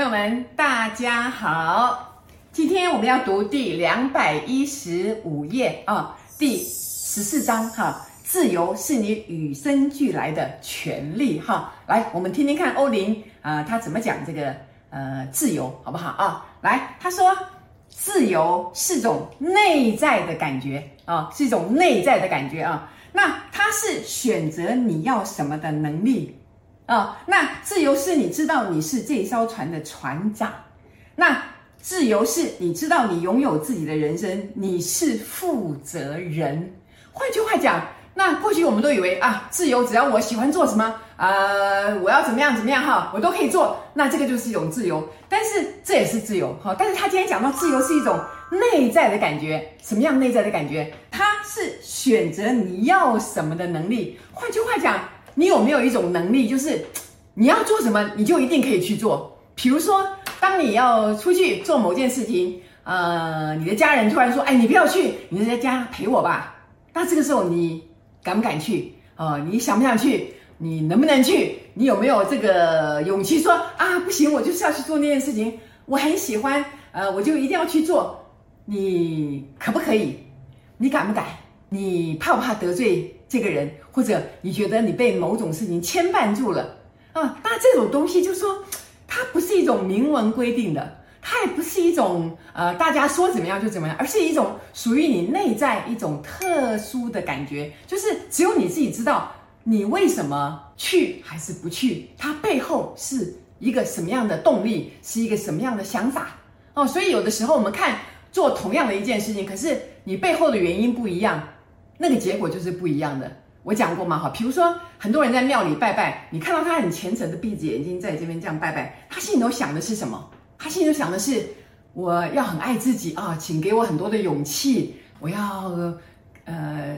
朋友們，大家好！今天我們要讀第兩百一十五頁啊，第十四章哈、啊。自由是你與生俱來的權利哈、啊。來，我們聽聽看歐林啊，他、呃、怎麼講這個呃自由好不好啊？來，他說，自由是種內在的感覺啊，是一種內在的感覺啊。那他是選擇你要什麼的能力。啊、哦，那自由是你知道你是這艘船的船長，那自由是你知道你擁有自己的人生，你是負責人。換句話講，那過去我們都以為啊，自由只要我喜歡做什麼，呃，我要怎麼樣怎麼樣哈，我都可以做，那這個就是一種自由。但是這也是自由哈，但是他今天講到自由是一種內在的感覺，什麼樣內在的感覺？他是選擇你要什麼的能力。換句話講。你有沒有一種能力，就是你要做什麼，你就一定可以去做？比如說，當你要出去做某件事情，呃，你的家人突然說：“哎，你不要去，你在家陪我吧。”那這個時候，你敢不敢去？哦、呃，你想不想去？你能不能去？你有沒有這個勇氣說：“啊，不行，我就是要去做那件事情，我很喜歡，呃，我就一定要去做。”你可不可以？你敢不敢？你怕不怕得罪？這個人，或者你覺得你被某種事情牽絆住了啊、嗯，那這種東西就是說，它不是一種明文規定的，它也不是一種呃大家說怎麼樣就怎麼樣，而是一種屬於你內在一種特殊的感覺，就是只有你自己知道你為什麼去還是不去，它背後是一個什麼樣的動力，是一個什麼樣的想法哦、嗯。所以有的時候我們看做同樣的一件事情，可是你背後的原因不一樣。那個結果就是不一樣的。我講過嘛，哈，比如說很多人在廟裡拜拜，你看到他很虔誠的閉着眼睛在這邊這樣拜拜，他心裡頭想的是什麼？他心裡頭想的是我要很愛自己啊，請給我很多的勇氣，我要呃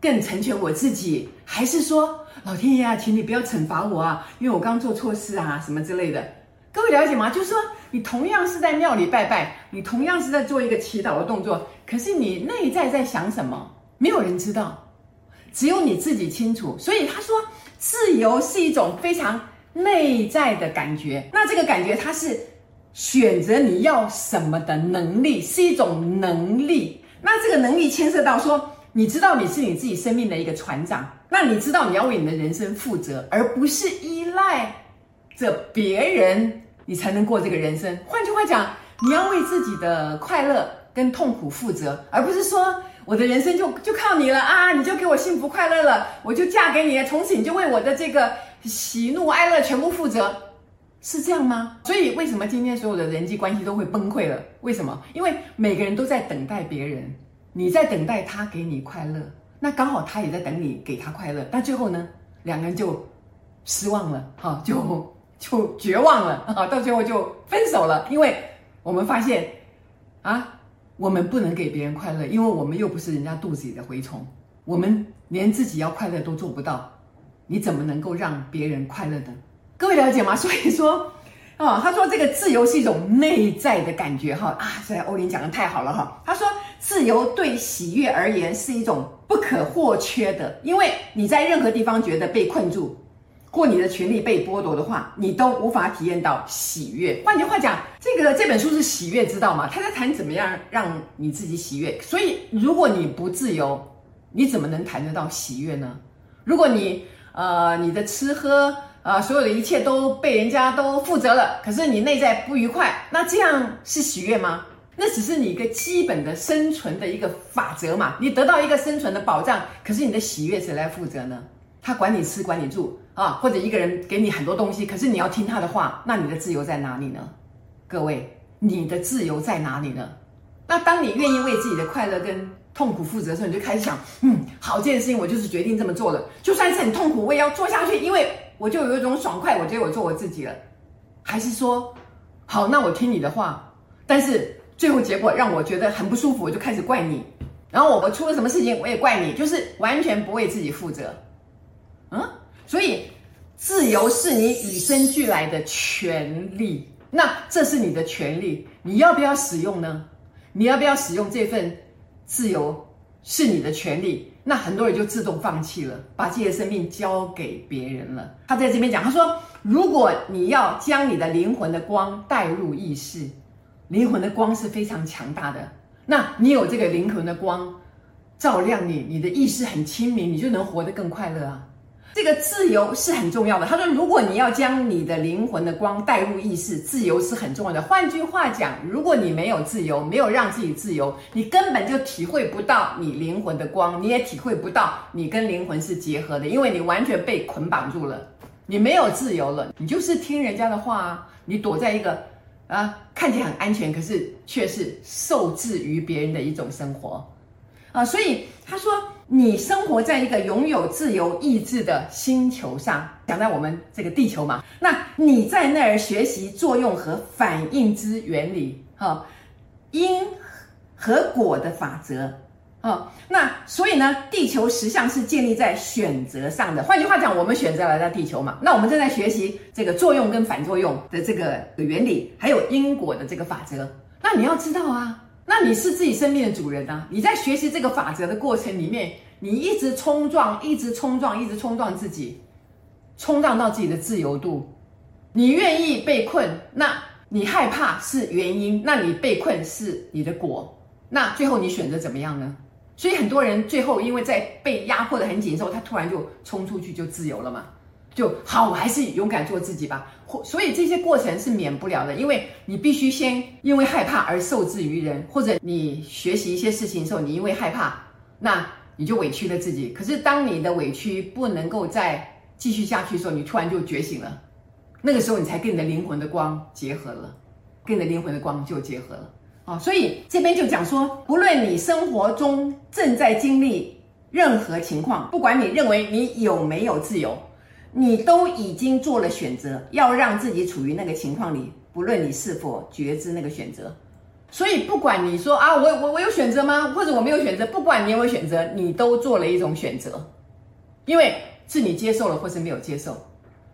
更成全我自己，還是說老天爺啊，請你不要懲罰我啊，因為我剛做錯事啊什麼之類的。各位了解嗎？就是說你同樣是在廟裡拜拜，你同樣是在做一個祈禱的動作，可是你內在在想什麼？沒有人知道，只有你自己清楚。所以他說，自由是一種非常內在的感覺。那這個感覺，它是選擇你要什麼的能力，是一種能力。那這個能力牽涉到說，你知道你是你自己生命的一個船長，那你知道你要為你的人生負責，而不是依賴着別人你才能過這個人生。換句話講，你要為自己的快樂跟痛苦負責，而不是說。我的人生就就靠你了啊！你就給我幸福快樂了，我就嫁給你了，從此你就為我的這個喜怒哀樂全部負責，是這樣嗎？所以為什麼今天所有的人際關係都會崩潰了？為什麼？因為每個人都在等待別人，你在等待他給你快樂，那剛好他也在等你給他快樂，那最後呢，兩個人就失望了，哈，就就絕望了，啊，到最後就分手了，因為我們發現，啊。我們不能給別人快樂，因為我們又不是人家肚子裡的蛔蟲，我們連自己要快樂都做不到，你怎麼能夠讓別人快樂的？各位了解嗎？所以說，哦，他說這個自由是一種內在的感覺哈啊，雖然歐林講的太好了哈，他說自由對喜悅而言是一種不可或缺的，因為你在任何地方覺得被困住。或你的權利被剝奪的話，你都無法體驗到喜悅。換句話講，這個這本書是喜悅，知道嗎？他在談怎麼樣讓你自己喜悅。所以，如果你不自由，你怎麼能談得到喜悅呢？如果你呃你的吃喝啊、呃，所有的一切都被人家都負責了，可是你內在不愉快，那這樣是喜悅嗎？那只是你一個基本的生存的一個法則嘛。你得到一個生存的保障，可是你的喜悅誰來負責呢？他管你吃，管你住。啊，或者一個人給你很多東西，可是你要聽他的話，那你的自由在哪裡呢？各位，你的自由在哪裡呢？那當你願意為自己的快樂跟痛苦負責的時候，你就開始想，嗯，好，這件事情我就是決定這麼做了，就算是很痛苦，我也要做下去，因為我就有一種爽快，我覺得我做我自己了。還是說，好，那我聽你的話，但是最後結果讓我覺得很不舒服，我就開始怪你，然後我我出了什麼事情我也怪你，就是完全不為自己負責，嗯。所以，自由是你與生俱來的權利。那這是你的權利，你要不要使用呢？你要不要使用這份自由？是你的權利。那很多人就自動放棄了，把自己的生命交給別人了。他在這邊講，他說：“如果你要將你的靈魂的光帶入意識，靈魂的光是非常強大的。那你有這個靈魂的光照亮你，你的意識很清明，你就能活得更快樂啊。”這個自由是很重要的。他說：“如果你要將你的靈魂的光帶入意識，自由是很重要的。換句話講，如果你沒有自由，沒有讓自己自由，你根本就體會不到你靈魂的光，你也體會不到你跟靈魂是結合的，因為你完全被捆綁住了，你沒有自由了，你就是聽人家的話啊，你躲在一個啊，看起來很安全，可是卻是受制於別人的一種生活啊。”所以他說。你生活在一個擁有自由意志的星球上，講到我們這個地球嘛？那你在那兒學習作用和反應之原理，哈、哦，因和果的法則，啊、哦，那所以呢，地球實相是建立在選擇上的。換句話講，我們選擇來到地球嘛？那我們正在學習這個作用跟反作用的這個原理，還有因果的這個法則。那你要知道啊。那你是自己生命的主人吶、啊！你在學習這個法則的過程裡面，你一直衝撞，一直衝撞，一直衝撞自己，衝撞到自己的自由度。你願意被困，那你害怕是原因，那你被困是你的果。那最後你選擇怎麼樣呢？所以很多人最後因為在被壓迫得很緊的時候，他突然就衝出去就自由了嘛。就好，我還是勇敢做自己吧。或所以這些過程是免不了的，因為你必須先因為害怕而受制於人，或者你學習一些事情的時候，你因為害怕，那你就委屈了自己。可是當你的委屈不能夠再繼續下去的時候，你突然就覺醒了，那個時候你才跟你的靈魂的光結合了，跟你的靈魂的光就結合了。啊，所以這邊就講說，不論你生活中正在經歷任何情況，不管你認為你有沒有自由，你都已經做了選擇，要讓自己處於那個情況裡，不論你是否覺知那個選擇。所以，不管你說啊，我我我有選擇嗎？或者我沒有選擇？不管你有沒有選擇，你都做了一種選擇，因為是你接受了或是沒有接受。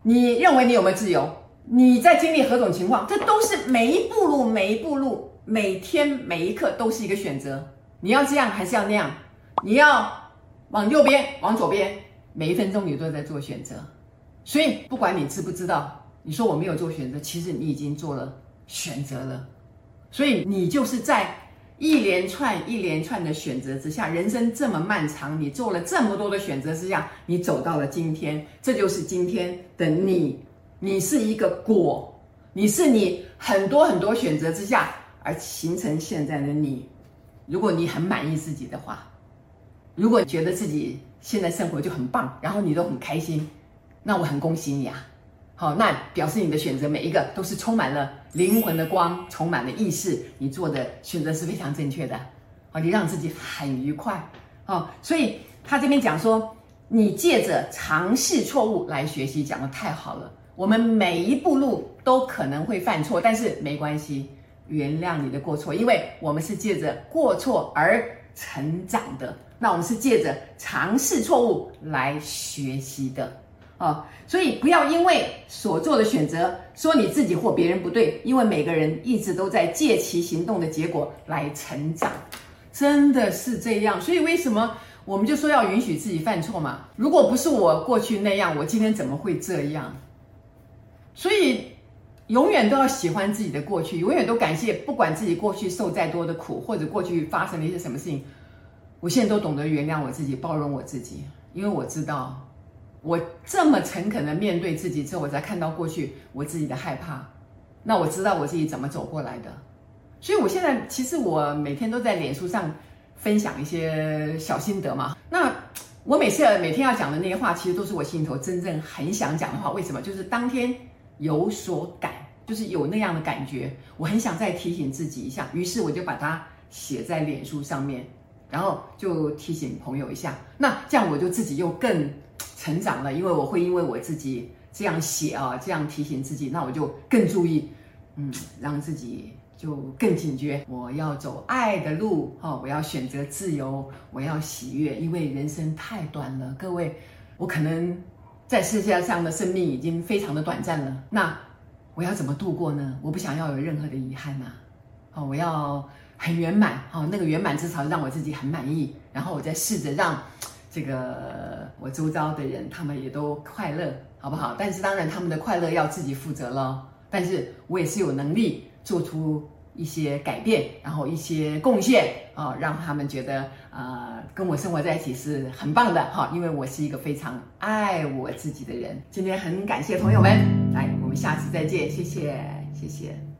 你認為你有沒有自由？你在經歷何種情況？這都是每一步路、每一步路、每天每一刻都是一個選擇。你要這樣還是要那樣？你要往右邊，往左邊？每一分鐘你都在做選擇。所以，不管你知不知道，你說我沒有做選擇，其實你已經做了選擇了。所以，你就是在一連串一連串的選擇之下，人生這麼漫長，你做了這麼多的選擇之下，你走到了今天，這就是今天的你。你是一個果，你是你很多很多選擇之下而形成現在的你。如果你很滿意自己的話，如果你覺得自己現在生活就很棒，然後你都很開心。那我很恭喜你啊，好，那表示你的選擇每一個都是充滿了靈魂的光，充滿了意識，你做的選擇是非常正確的，好，你讓自己很愉快，好，所以他這邊講說，你借着嘗試錯誤來學習，講得太好了。我們每一步路都可能會犯錯，但是沒關係，原諒你的過錯，因為我們是借着過錯而成長的。那我們是借着嘗試錯誤來學習的。啊，哦、所以不要因為所做的選擇說你自己或別人不對，因為每個人一直都在借其行動的結果來成長，真的是這樣。所以為什麼我們就說要允許自己犯錯嘛？如果不是我過去那樣，我今天怎麼會這樣？所以永遠都要喜歡自己的過去，永遠都感謝，不管自己過去受再多的苦，或者過去發生了一些什麼事情，我現在都懂得原諒我自己，包容我自己，因為我知道。我這麼誠懇的面對自己之後，我才看到過去我自己的害怕。那我知道我自己怎麼走過來的，所以我現在其實我每天都在臉書上分享一些小心得嘛。那我每次每天要講的那些話，其實都是我心裡頭真正很想講的話。為什麼？就是當天有所感，就是有那樣的感覺，我很想再提醒自己一下，於是我就把它寫在臉書上面，然後就提醒朋友一下。那這樣我就自己又更。成長了，因為我會，因為我自己這樣寫啊，這樣提醒自己，那我就更注意，嗯，讓自己就更警覺。我要走愛的路啊，我要選擇自由，我要喜悅，因為人生太短了。各位，我可能在世界上的生命已經非常的短暫了，那我要怎麼度過呢？我不想要有任何的遺憾吶，哦，我要很圓滿哦，那個圓滿至少讓我自己很滿意，然後我再試着讓。這個我周遭的人，他們也都快樂，好不好？但是當然，他們的快樂要自己負責咯。但是我也是有能力做出一些改變，然後一些貢獻啊、哦，讓他們覺得啊、呃，跟我生活在一起是很棒的哈、哦。因為我是一個非常愛我自己的人。今天很感謝朋友們，來，我們下次再見，謝謝，謝謝。